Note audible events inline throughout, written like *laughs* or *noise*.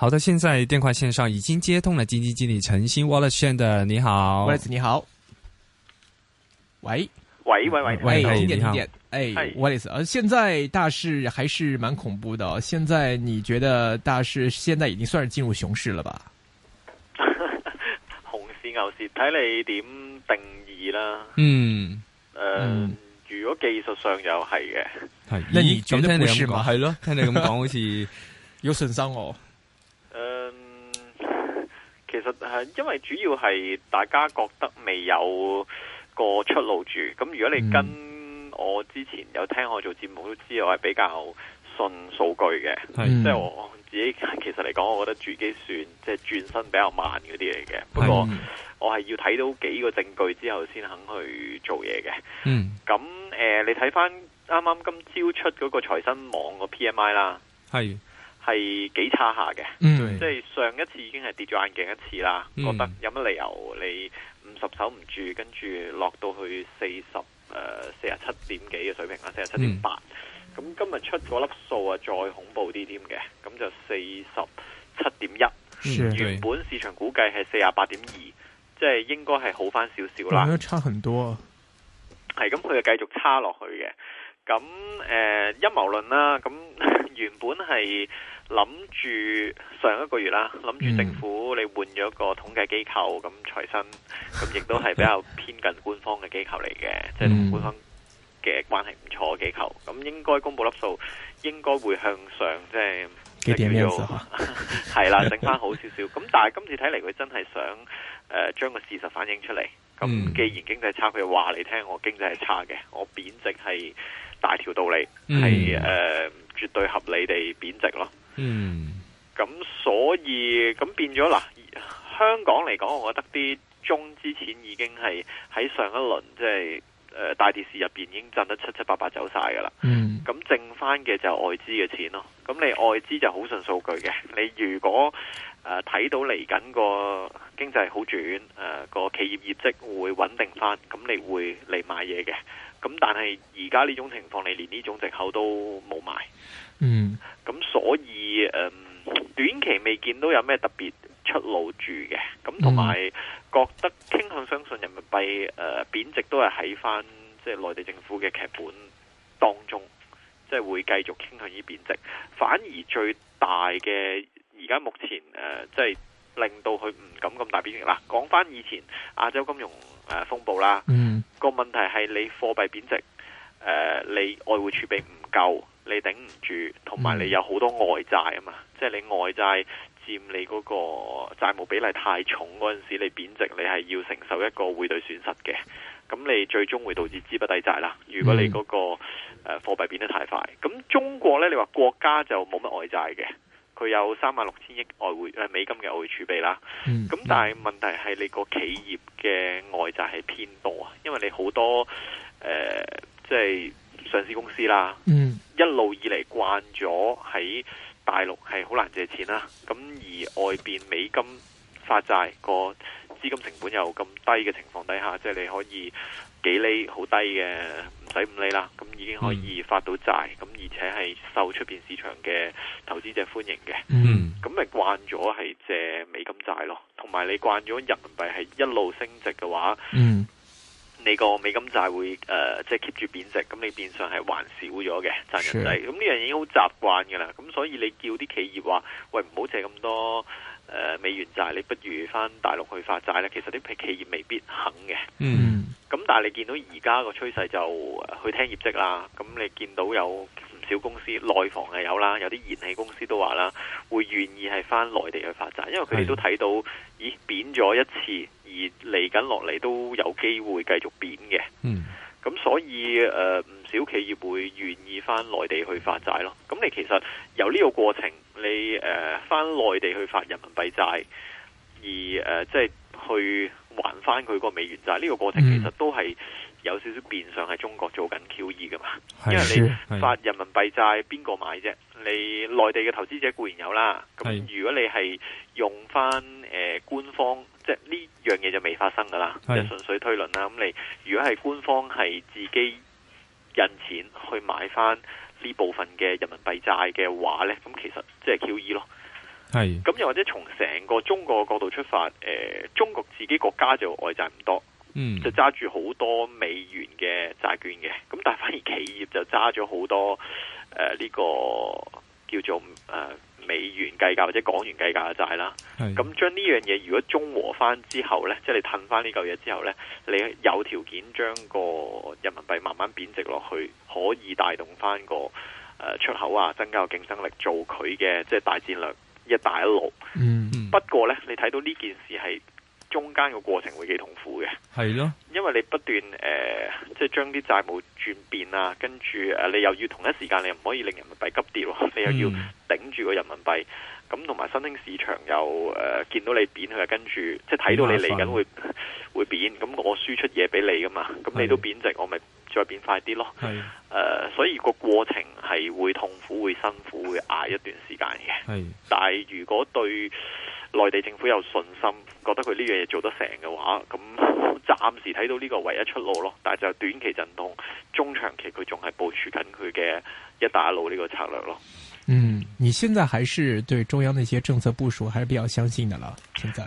好的，現在電話線上已經接通了基金經理陳昕 Wallace 的，Shander, 你好，Wallace 你好，喂喂喂喂，喂喂喂喂喂 Wallace 喂喂喂喂喂喂喂喂喂喂喂喂喂喂喂，而現在大市還是蠻恐怖的，現在你覺得大市現在已經算是進入熊市了吧？喂喂喂喂喂喂喂喂喂喂喂喂喂喂喂喂喂喂喂喂喂熊市牛市睇你點定喂喂義啦，嗯，誒、 *laughs* 嗯呃嗯，如果技術上又係嘅，係，咦，咁聽你講係咯，聽你咁講好似有信心哦，其實係因為主要係大家覺得未有個出路住，咁如果你跟我之前有聽我做節目都知，我係比較信數據嘅，即、嗯、係、就是、我自己其實嚟講，我覺得自己算即係轉身比較慢嗰啲嚟嘅。不過我係要睇到幾個證據之後先肯去做嘢嘅。咁、嗯、誒、呃，你睇翻，啱啱今朝出嗰個財新網個 PMI 啦，係。係幾差下嘅，嗯，即係上一次已經係跌咗眼鏡一次啦。嗯，覺得有乜理由你五十守唔住，跟住落到去四十誒，四十七點幾嘅水平啦，四十七點八。咁今日出嗰粒數啊，再恐怖啲啲嘅，咁就四十七點一。原本市場估計係四十八點二，即係應該係好翻少少啦。差很多，啊，係咁佢就繼續差落去嘅。咁誒，陰謀論啦，咁原本係。諗住上一個月啦，諗住政府你換咗個統計機構，咁財新咁亦都係比較偏近官方嘅機構嚟嘅，即、嗯、係、就是、同官方嘅關係唔錯嘅機構，咁應該公布粒數應該會向上，即係係啦，整翻好少少。咁 *laughs* 但係今次睇嚟，佢真係想誒將個事實反映出嚟。咁既然經濟差，佢話你聽，我經濟係差嘅，我貶值係大條道理，係、嗯、誒、呃、絕對合理地貶值咯。嗯，咁所以咁變咗嗱，香港嚟講，我覺得啲中資錢已經係喺上一輪即係。誒、呃，大跌市入邊已經震得七七八八走晒噶啦，咁、嗯、剩翻嘅就係外資嘅錢咯。咁你外資就好信數據嘅，你如果誒睇、呃、到嚟緊個經濟好轉，誒、呃、個企業業績會穩定翻，咁你會嚟買嘢嘅。咁但係而家呢種情況，你連呢種借口都冇買。嗯，咁所以誒、呃、短期未見到有咩特別出路住嘅，咁同埋。嗯覺得傾向相信人民幣誒貶值都係喺翻即係內地政府嘅劇本當中，即係會繼續傾向於貶值。反而最大嘅而家目前誒、呃，即係令到佢唔敢咁大貶值啦。講翻以前亞洲金融誒、呃、風暴啦，個、mm. 問題係你貨幣貶值，誒、呃、你外匯儲備唔夠，你頂唔住，同埋你有好多外債啊嘛，即係你外債。掂你嗰個債務比例太重嗰陣時，你貶值你係要承受一個匯兌損失嘅，咁你最終會導致資不抵債啦。如果你嗰個誒貨幣變得太快，咁中國呢？你話國家就冇乜外債嘅，佢有三萬六千億外匯誒美金嘅外儲備啦。咁但係問題係你個企業嘅外債係偏多啊，因為你好多誒即係上市公司啦，一路以嚟慣咗喺。大陸係好難借錢啦，咁而外邊美金發債個資金成本又咁低嘅情況底下，即係你可以幾厘好低嘅，唔使五厘啦，咁已經可以發到債，咁、嗯、而且係受出邊市場嘅投資者歡迎嘅，咁、嗯、咪慣咗係借美金債咯，同埋你慣咗人民幣係一路升值嘅話。嗯你個美金債會、呃、即係 keep 住貶值，咁你變相係還少咗嘅賺人仔，咁、sure. 呢樣已經好習慣㗎啦。咁所以你叫啲企業話：喂，唔好借咁多、呃、美元債，你不如翻大陸去發債咧。其實啲企業未必肯嘅。嗯，咁但係你見到而家個趨勢就去聽業績啦。咁你見到有。小公司內房係有啦，有啲燃氣公司都話啦，會願意係翻內地去發債，因為佢哋都睇到，咦，貶咗一次，而嚟緊落嚟都有機會繼續貶嘅。嗯，咁所以誒，唔、呃、少企業會願意翻內地去發債咯。咁你其實由呢個過程，你誒翻內地去發人民幣債，而誒、呃、即係去還翻佢個美元債呢，這個過程其實都係。嗯有少少變相係中國做緊 QE 㗎嘛？因為你發人民幣債，邊個買啫？你內地嘅投資者固然有啦。咁如果你係用翻、呃、官方，即係呢樣嘢就未發生㗎啦，就純粹推論啦。咁你如果係官方係自己印錢去買翻呢部分嘅人民幣債嘅話呢，咁其實即係 QE 咯。係。咁又或者從成個中國角度出發、呃，中國自己國家就外債唔多。嗯，就揸住好多美元嘅債券嘅，咁但係反而企業就揸咗好多誒呢、呃這個叫做誒、呃、美元計價或者港元計價嘅債啦。咁將呢樣嘢如果中和翻之後咧，即係你褪翻呢舊嘢之後咧，你有條件將個人民幣慢慢貶值落去，可以帶動翻個誒出口啊，增加競爭力，做佢嘅即係大戰略一帶一路。嗯，嗯，不過咧，你睇到呢件事係。中間個過程會幾痛苦嘅，係咯，因為你不斷誒、呃，即係將啲債務轉變啊，跟住誒，你又要同一時間你又唔可以令人民幣急跌咯，你又要頂住個人民幣，咁同埋新興市場又誒、呃，見到你貶佢跟住即係睇到你嚟緊會會貶，咁我輸出嘢俾你噶嘛，咁你都貶值，我咪再貶快啲咯。誒、呃，所以個過程係會痛苦、會辛苦、會挨一段時間嘅。但係如果對內地政府有信心，覺得佢呢樣嘢做得成嘅話，咁暫時睇到呢個唯一出路咯。但係就短期震動，中長期佢仲係部署緊佢嘅一帶一路呢個策略咯。嗯，你現在還是對中央的一些政策部署還是比較相信的啦。現在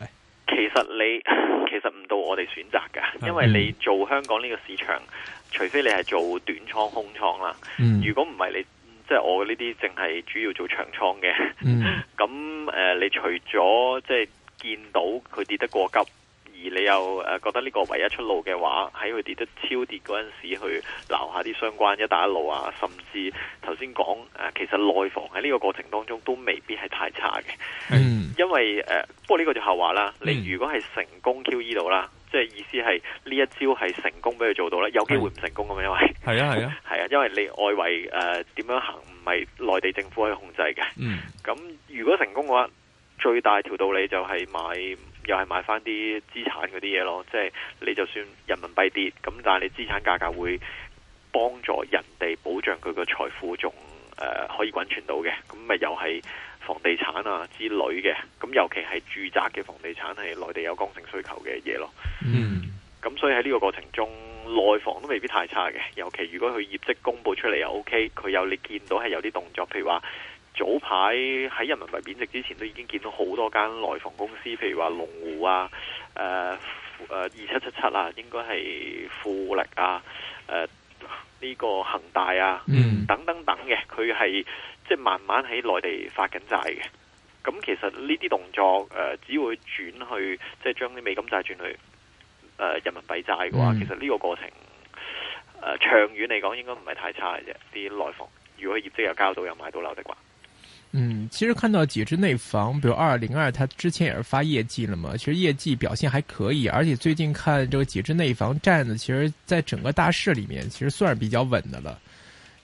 其實你其實唔到我哋選擇噶，因為你做香港呢個市場，啊嗯、除非你係做短倉空倉啦、嗯。如果唔係你。即係我呢啲淨係主要做長倉嘅，咁、嗯、誒、呃，你除咗即係見到佢跌得過急，而你又誒、呃、覺得呢個唯一出路嘅話，喺佢跌得超跌嗰陣時候去留下啲相關一帶一路啊，甚至頭先講誒，其實內房喺呢個過程當中都未必係太差嘅、嗯，因為誒、呃，不過呢個就後話啦。你如果係成功 QE 到啦。嗯即係意思係呢一招係成功俾佢做到啦，有機會唔成功咁樣、嗯，因為係啊係啊係啊，因為你外圍誒點、呃、樣行唔係內地政府可以控制嘅。咁、嗯、如果成功嘅話，最大條道理就係買又係買翻啲資產嗰啲嘢咯。即係你就算人民幣跌咁，但係你資產價格會幫助人哋保障佢個財富，仲誒可以滾存到嘅。咁咪又係。房地產啊之類嘅，咁尤其係住宅嘅房地產係內地有剛性需求嘅嘢咯。嗯，咁所以喺呢個過程中，內房都未必太差嘅，尤其如果佢業績公布出嚟、OK, 又 OK，佢有你見到係有啲動作，譬如話早排喺人民幣貶值之前都已經見到好多間內房公司，譬如話龍湖啊、誒、呃、誒二七七七啊，應該係富力啊、誒、呃、呢、呢個恆大啊，mm. 等等等嘅，佢係。即係慢慢喺內地發緊債嘅，咁其實呢啲動作誒、呃、只會轉去，即係將啲美金債轉去誒、呃、人民幣債嘅話，其實呢個過程誒、呃、長遠嚟講應該唔係太差嘅啫。啲內房如果業績又交到又買到樓得啩，嗯，其實看到幾支內房，比如二零二，他之前也是發業績了嘛，其實業績表現還可以，而且最近看這個幾支內房站子，其實在整個大市裏面其實算是比較穩的了。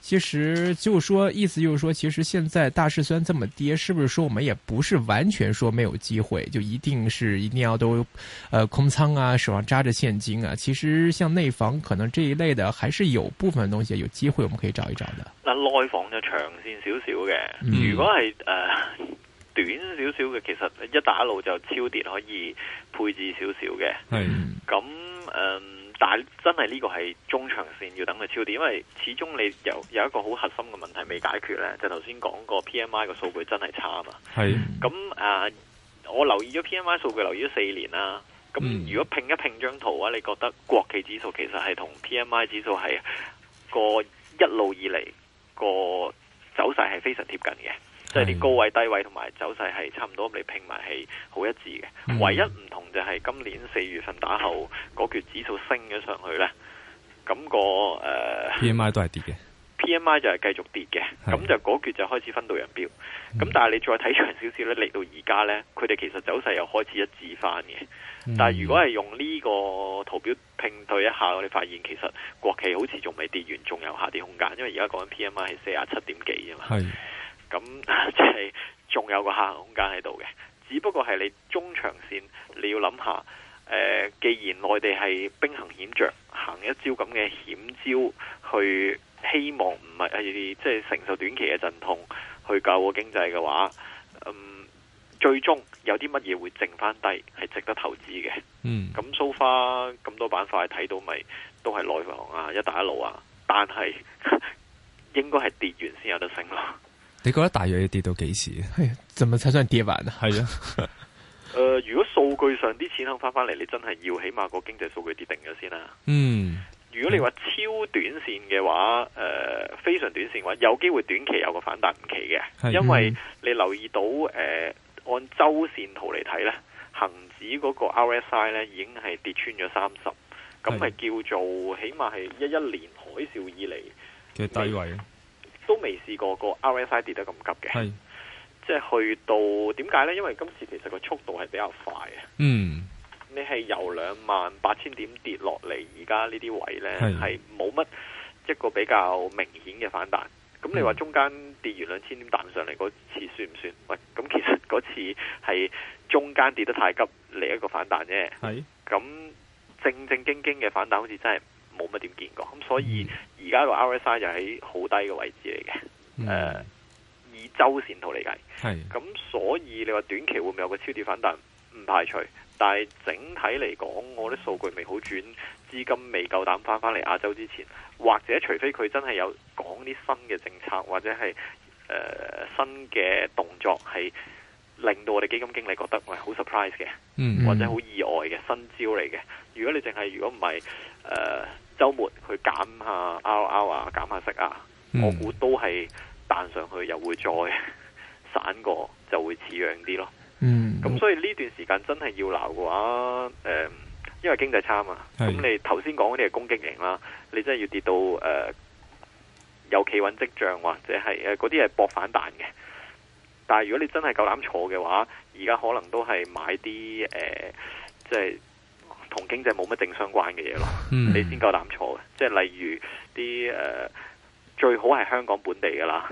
其實就說意思就是說，其實現在大市雖然這麼跌，是不是說我們也不是完全說沒有機會？就一定是一定要都，呃，空倉啊，手上揸住現金啊。其實像內房可能這一類的，還是有部分東西有機會，我們可以找一找的。那、呃、內房就長線少少嘅，如果係呃短少少嘅，其實一打一路就超跌可以配置少少嘅。係咁。嗯。那、呃但真係呢個係中長線要等佢超點，因為始終你有有一個好核心嘅問題未解決咧，就頭先講過 P M I 個數據真係差啊嘛。係。咁、呃、誒，我留意咗 P M I 數據留意咗四年啦。咁如果拼一拼張圖啊，你覺得國企指數其實係同 P M I 指數係個一路以嚟個走勢係非常貼近嘅。即係啲高位低位同埋走勢係差唔多你平，你拼埋係好一致嘅、嗯。唯一唔同就係今年四月份打後，嗰、那、橛、個、指數升咗上去呢，咁、那個、呃、P M I 都係跌嘅。P M I 就係繼續跌嘅，咁就嗰橛就開始分道揚鑣。咁、嗯、但係你再睇長少少呢，嚟到而家呢，佢哋其實走勢又開始一致翻嘅、嗯。但係如果係用呢個圖表拼對一下，我哋發現其實國企好似仲未跌完，仲有下跌空間，因為 PMI 而家講緊 P M I 係四啊七點幾啫嘛。咁即係仲有個下行空間喺度嘅，只不過係你中長線你要諗下，誒、呃，既然內地係兵行險着，行一招咁嘅險招去，希望唔係喺即係承受短期嘅陣痛，去救個經濟嘅話，嗯，最終有啲乜嘢會剩翻低，係值得投資嘅。嗯，咁蘇花咁多板塊睇到咪都係內房啊、一帶一路啊，但係 *laughs* 應該係跌完先有得升咯。你覺得大約要跌到幾時？就咪差上跌埋係係啊。誒、 *laughs* 呃，如果數據上啲錢肯翻翻嚟，你真係要起碼個經濟數據跌定咗先啦，啊。嗯。如果你話超短線嘅話，誒、呃，非常短線嘅話，有機會短期有個反彈，唔奇嘅，嗯。因為你留意到，誒、呃，按周線圖嚟睇咧，恒指嗰個 RSI 咧已經係跌穿咗三十，咁係叫做起碼係一一年海嘯以嚟嘅低位。都未試過個 RSI 跌得咁急嘅，即係去到點解呢？因為今次其實個速度係比較快嘅。嗯，你係由兩萬八千點跌落嚟，而家呢啲位呢，係冇乜一個比較明顯嘅反彈。咁你話中間跌完兩千點彈上嚟嗰次算唔算？喂，咁其實嗰次係中間跌得太急嚟一個反彈啫。係，咁正正經經嘅反彈好似真係，冇乜點見過，咁所以而家個 RSI 就喺好低嘅位置嚟嘅。誒、嗯，以周線圖嚟計，係咁所以你話短期會唔會有個超跌反彈？唔排除，但係整體嚟講，我啲數據未好轉，資金未夠膽返返嚟亞洲之前，或者除非佢真係有講啲新嘅政策，或者係誒、呃、新嘅動作，係令到我哋基金經理覺得喂，好 surprise 嘅，嗯，或者好意外嘅新招嚟嘅。如果你淨係如果唔係誒。呃周末去減下 RR 啊，減下息啊，我估都係彈上去又會再散過，就會似樣啲咯。咁、嗯、所以呢段時間真係要鬧嘅話，誒、呃，因為經濟差嘛。咁你頭先講嗰啲係攻擊型啦，你真係要跌到誒、呃、有企穩跡象或者係誒嗰啲係搏反彈嘅。但係如果你真係夠膽坐嘅話，而家可能都係買啲誒，即、呃、係。就是同經濟冇乜正相關嘅嘢咯，你先夠膽錯嘅，即係例如啲誒、呃、最好係香港本地噶啦，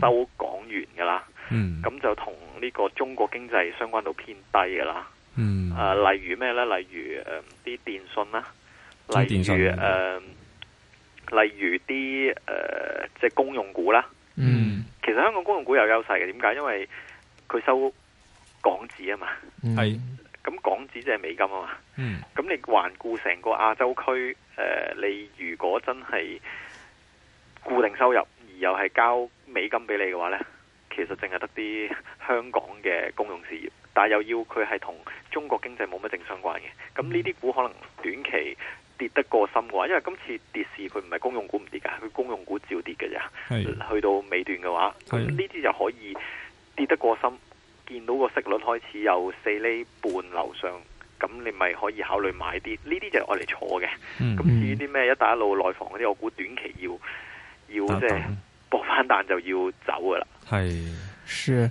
收港元噶啦，咁、嗯、就同呢個中國經濟相關度偏低噶啦。誒、嗯啊，例如咩呢？例如誒啲、呃、電信啦，例如誒，例如啲誒即係公用股啦。嗯，其實香港公用股有優勢嘅，點解？因為佢收港紙啊嘛，係。咁港紙即係美金啊嘛，咁、嗯、你環顧成個亞洲區，誒、呃，你如果真係固定收入，而又係交美金俾你嘅話咧，其實淨係得啲香港嘅公用事業，但係又要佢係同中國經濟冇乜正相關嘅，咁呢啲股可能短期跌得過深嘅話，因為今次跌市佢唔係公用股唔跌噶，佢公用股照跌嘅啫，去到尾段嘅話，佢呢啲就可以跌得過深。見到個息率開始有四厘半樓上，咁你咪可以考慮買啲，呢啲就係愛嚟坐嘅。咁、嗯、至於啲咩一帶一路內房嗰啲，我估短期要要即係搏翻彈就要走噶啦。係、嗯嗯，是。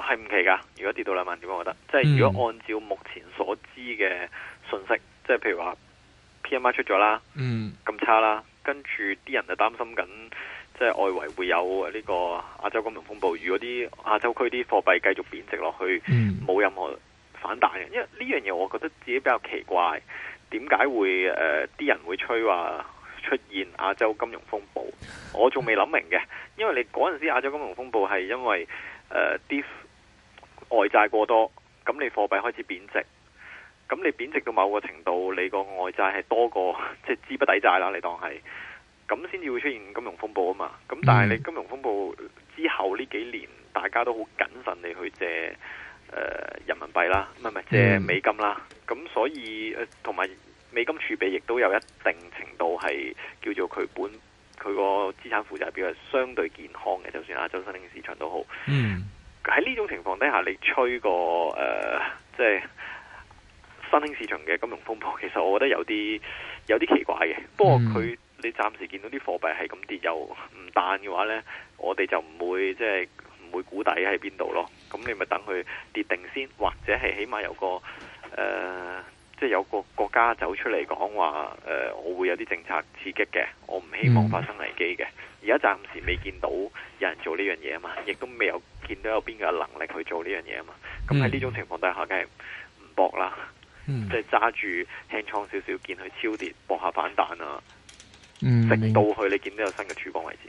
係唔奇噶，如果跌到兩萬點，我覺得，即係如果按照目前所知嘅信息，即、嗯、係譬如話 PMI 出咗啦，咁、嗯、差啦，跟住啲人就擔心緊，即係外圍會有呢個亞洲金融風暴，如果啲亞洲區啲貨幣繼續貶值落去，冇、嗯、任何反彈嘅，因為呢樣嘢我覺得自己比較奇怪，點解會誒啲、呃、人會吹話出現亞洲金融風暴？我仲未諗明嘅，因為你嗰陣時亞洲金融風暴係因為。誒，啲外債過多，咁你貨幣開始貶值，咁你貶值到某個程度，你個外債係多過，即係資不抵債啦，你當係，咁先至會出現金融風暴啊嘛。咁但係你金融風暴之後呢幾年，大家都好謹慎地去借、呃、人民幣啦，唔係唔係借美金啦。咁所以同埋、呃、美金儲備亦都有一定程度係叫做佢本。佢個資產負債表係相對健康嘅，就算亞洲新興市場都好。喺、嗯、呢種情況底下，你吹個誒，即、呃、係、就是、新興市場嘅金融風暴，其實我覺得有啲有啲奇怪嘅。不過佢、嗯、你暫時見到啲貨幣係咁跌又唔彈嘅話呢，我哋就唔會即係唔會估底喺邊度咯。咁你咪等佢跌定先，或者係起碼有個誒。呃即係有個國家走出嚟講話，誒、呃，我會有啲政策刺激嘅，我唔希望發生危機嘅。而、嗯、家暫時未見到有人做呢樣嘢啊嘛，亦都未有見到有邊個有能力去做呢樣嘢啊嘛。咁喺呢種情況底下，梗係唔搏啦，即係揸住輕倉少少，見佢超跌搏下反彈啊、嗯，直到去你見到有新嘅曙光為止。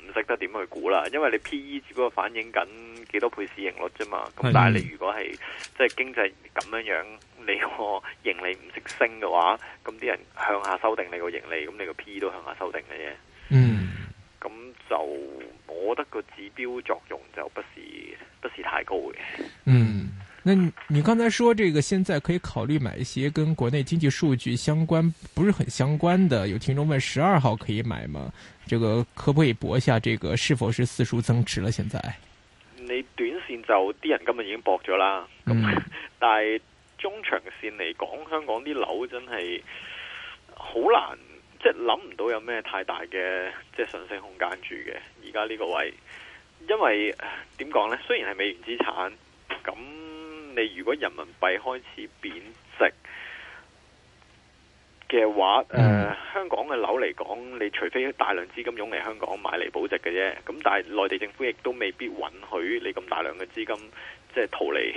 識得點去估啦，因為你 P E 只不過反映緊幾多倍市盈率啫嘛。咁但係你如果係、嗯、即係經濟咁樣樣，你個盈利唔識升嘅話，咁啲人向下修訂你個盈利，咁你個 P E 都向下修訂嘅啫。嗯，咁就我覺得個指標作用就不是不是太高嘅。嗯。那你剛才說這個現在可以考慮買一些跟國內經濟數據相關不是很相關的？有聽眾問十二號可以買嗎？這個可不可以博一下？這個是否是四叔增持了？現在你短線就啲人今日已經博咗啦，但係中長線嚟講，香港啲樓真係好難，即係諗唔到有咩太大嘅即係上升空間住嘅，而家呢個位，因為點講呢？雖然係美元資產咁。你如果人民幣開始貶值嘅話，誒、呃、香港嘅樓嚟講，你除非大量資金湧嚟香港買嚟保值嘅啫。咁但係內地政府亦都未必允許你咁大量嘅資金即係逃離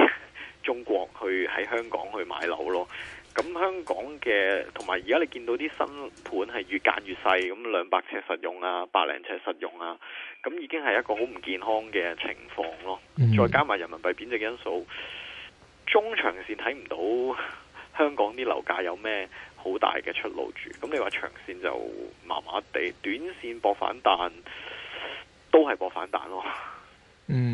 中國去喺香港去買樓咯。咁香港嘅同埋而家你見到啲新盤係越間越細，咁兩百尺實用啊，百零尺實用啊，咁已經係一個好唔健康嘅情況咯。再加埋人民幣貶值嘅因素。中長線睇唔到香港啲樓價有咩好大嘅出路住，咁你話長線就麻麻地，短線搏反彈都係搏反彈咯。嗯。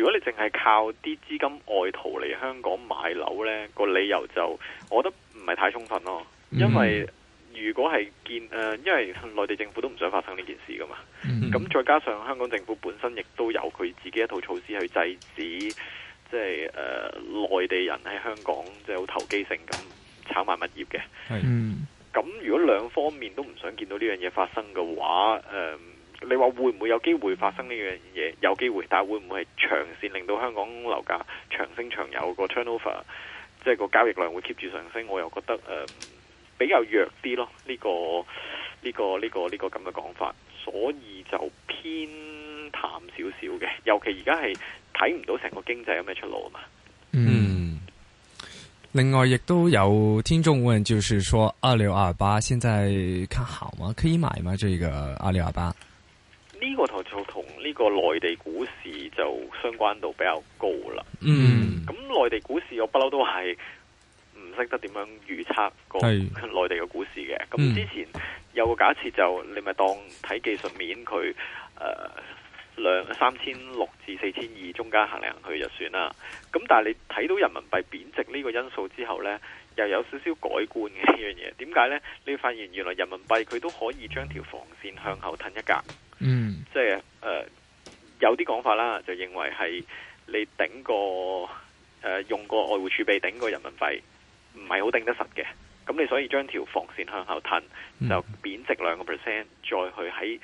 如果你淨係靠啲資金外逃嚟香港買樓呢個理由就，我覺得唔係太充分咯。因為如果係見、呃、因為內地政府都唔想發生呢件事噶嘛。咁再加上香港政府本身亦都有佢自己一套措施去制止，即係、呃、內地人喺香港即係好投機性咁炒賣物業嘅。咁如果兩方面都唔想見到呢樣嘢發生嘅話，呃你話會唔會有機會發生呢樣嘢？有機會，但係會唔會係長線令到香港樓價長升長有個 turnover，即係個交易量會 keep 住上升？我又覺得誒、呃、比較弱啲咯，呢個呢個呢個呢個咁嘅講法，所以就偏淡少少嘅。尤其而家係睇唔到成個經濟有咩出路啊嘛。嗯。另外，亦都有聽眾問，就是說二六二八現在看好嗎？可以買嗎？這個二六二八。呢個頭就同呢個內地股市就相關度比較高啦。嗯，咁內地股市我不嬲都係唔識得點樣預測個內地嘅股市嘅。咁之前有個假設，就你咪當睇技術面，佢誒、兩三千六至四千二中間行嚟行去就算啦。咁但係你睇到人民幣貶值呢個因素之後呢，又有少少改觀嘅呢樣嘢。點解呢？你發現原來人民幣佢都可以將條防線向後褪一格。即係誒、呃，有啲講法啦，就認為係你頂個誒用個外匯儲備頂個人民幣唔係好頂得實嘅，咁你所以將條防線向後褪，就貶值兩個 percent，再去喺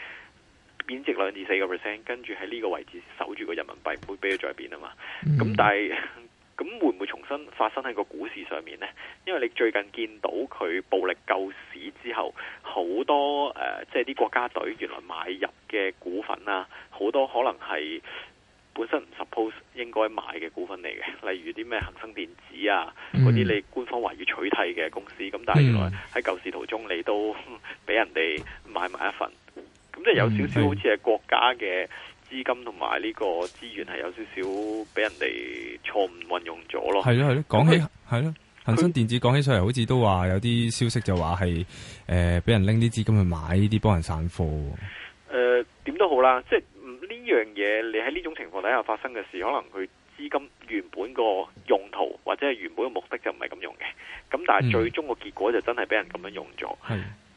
貶值兩至四個 percent，跟住喺呢個位置守住個人民幣，唔會俾佢再貶啊嘛。咁但係。嗯咁會唔會重新發生喺個股市上面呢？因為你最近見到佢暴力救市之後，好多誒，即係啲國家隊原來買入嘅股份啊，好多可能係本身唔 suppose 應該買嘅股份嚟嘅，例如啲咩恒生電子啊，嗰、嗯、啲你官方話要取締嘅公司，咁但係原來喺救市途中你都俾人哋買埋一份，咁即係有少少好似係國家嘅。資金同埋呢個資源係有少少俾人哋錯誤運用咗咯。係咯係咯，講起係咯，恒生電子講起上嚟，好似都話有啲消息就話係誒，俾人拎啲資金去買呢啲幫人散貨。誒、呃，點都好啦，即係呢、嗯、樣嘢，你喺呢種情況底下發生嘅事，可能佢資金原本個用途或者係原本嘅目的就唔係咁用嘅。咁但係最終個結果就真係俾人咁樣用咗。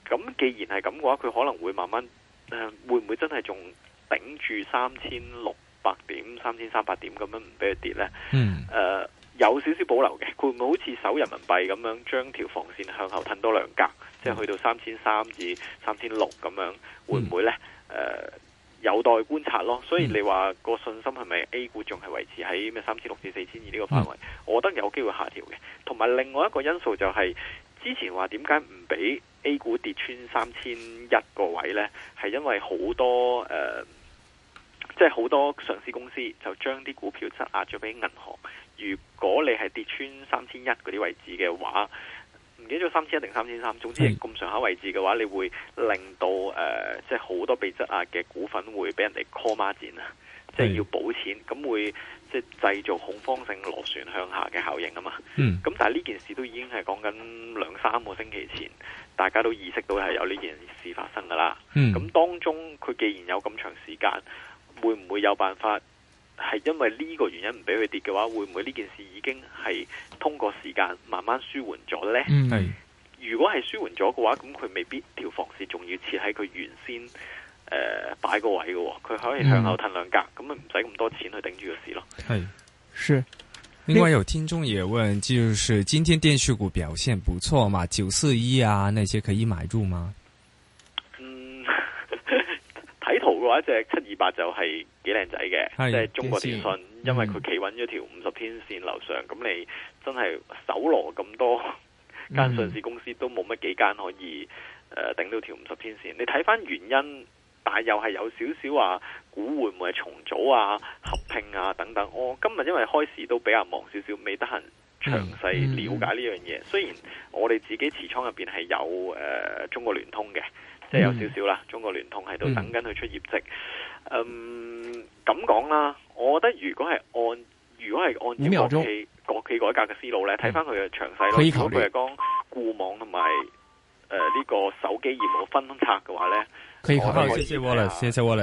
咁既然係咁嘅話，佢可能會慢慢誒、呃，會唔會真係仲？頂住三千六百點、三千三百點咁樣唔俾佢跌呢？嗯呃、有少少保留嘅，佢會唔會好似守人民幣咁樣將條防線向後褪多兩格，嗯、即係去到三千三至三千六咁樣，會唔會呢、嗯呃？有待觀察咯。所以你話個信心係咪 A 股仲係維持喺咩三千六至四千二呢個範圍、嗯？我覺得有機會下調嘅。同埋另外一個因素就係、係、之前話點解唔俾 A 股跌穿三千一個位呢？係因為好多、呃即係好多上市公司就將啲股票質押咗俾銀行。如果你係跌穿三千一嗰啲位置嘅話，唔記得咗三千一定三千三，總之咁上下位置嘅話，你會令到誒，即係好多被質押嘅股份會俾人哋 call 孖展啊，即係要補錢，咁會即係製造恐慌性螺旋向下嘅效應啊嘛、嗯。咁但係呢件事都已經係講緊兩三個星期前，大家都意識到係有呢件事發生㗎喇。咁當中佢既然有咁長時間。會唔會有辦法？係因為呢個原因唔俾佢跌嘅話，會唔會呢件事已經係通過時間慢慢舒緩咗呢？係、嗯、如果係舒緩咗嘅話，咁佢未必條防線仲要設喺佢原先誒擺、呃、個位嘅，佢可以向後褪兩格，咁啊唔使咁多錢去頂住個市咯。係、嗯、是。另外有聽眾也問，就是今天電視股表現不錯嘛，九四一啊，那些可以買入嗎？睇圖嘅話，隻七二八就係幾靚仔嘅，即係、就是、中國電信，因為佢企穩咗條五十天線樓上，咁、嗯、你真係搜羅咁多間 *laughs* 上市公司都冇乜幾間可以誒頂、嗯呃、到條五十天線。你睇翻原因，但又係有少少話股會唔會係重組啊、合併啊等等。我、哦、今日因為開市都比較忙少少，未得閒詳細了解呢樣嘢。雖然我哋自己持倉入邊係有誒、呃、中國聯通嘅。即係有少少啦，中國聯通喺度等緊佢出業績。嗯，咁講啦，我覺得如果係按，如果係按照國企國企改革嘅思路咧，睇翻佢嘅詳細，咯。可以考慮佢係講固網同埋誒呢個手機業務分拆嘅話咧，可以考慮。好、呃這個，謝謝 Wallace，謝謝 Wallace。